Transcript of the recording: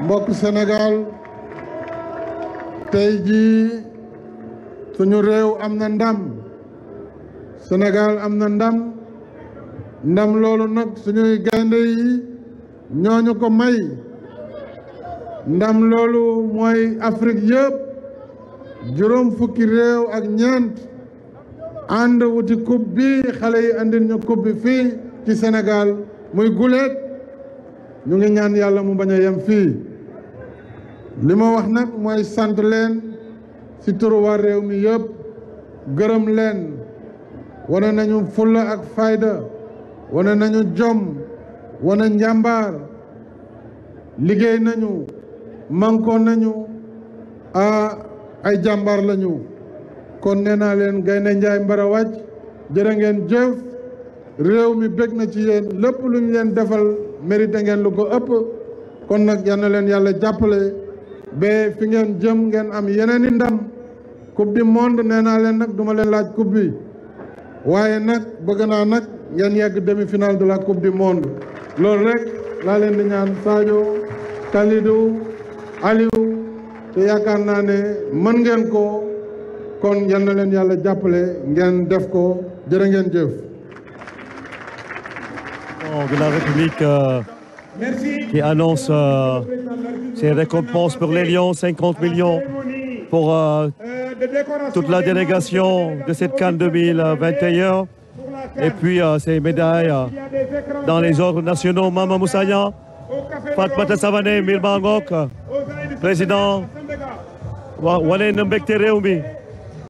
mbokk senegal tey jii suñu réew am na ndam senegal am na ndam ndam loolu nag suñuy gaynde yi ñooñu ko may ndam loolu mooy Afrique yépp juróom fukki réew ak ñeent ànd wuti coupe bi xale yi andil ñu coupe fii ci Sénégal muy guleet ñu ngi ñaan yàlla mu bañ a yem fii li ma wax nag mooy sant leen ci turu réew mi yépp gërëm leen wane nañu fulla ak fayda wane nañu jom wane njàmbaar liggéey nañu mànkoo nañu a ay jàmbaar lañu kon nee naa leen gaynde njaay mbara wàcc ngeen jëf réew mi bég na ci yéen lépp lu ñu defal mérité ngeen lu ko ëpp kon nag yal na leen yàlla jàppale ba fi ngeen jëm ngeen am yeneen i ndam coupe du monde nee naa leen nag duma leen laaj coupe bi waaye nag bëgg naa nag ngeen yegg demi-finale de la coupe du monde loolu rek laa leen di ñaan Sadio Kalidou Aliou te yaakaar naa ne mën ngeen ko kon yal na leen yàlla jàppale ngeen def ko jërë ngeen jëf de la République euh, qui annonce euh, ses récompenses pour les Lions, 50 millions pour euh, toute la délégation de cette Cannes 2021. Et puis ces euh, médailles euh, dans les ordres nationaux, Mama Moussayan, Fatmata Savane, Mirmangok, président Wale Mbekte Reumi.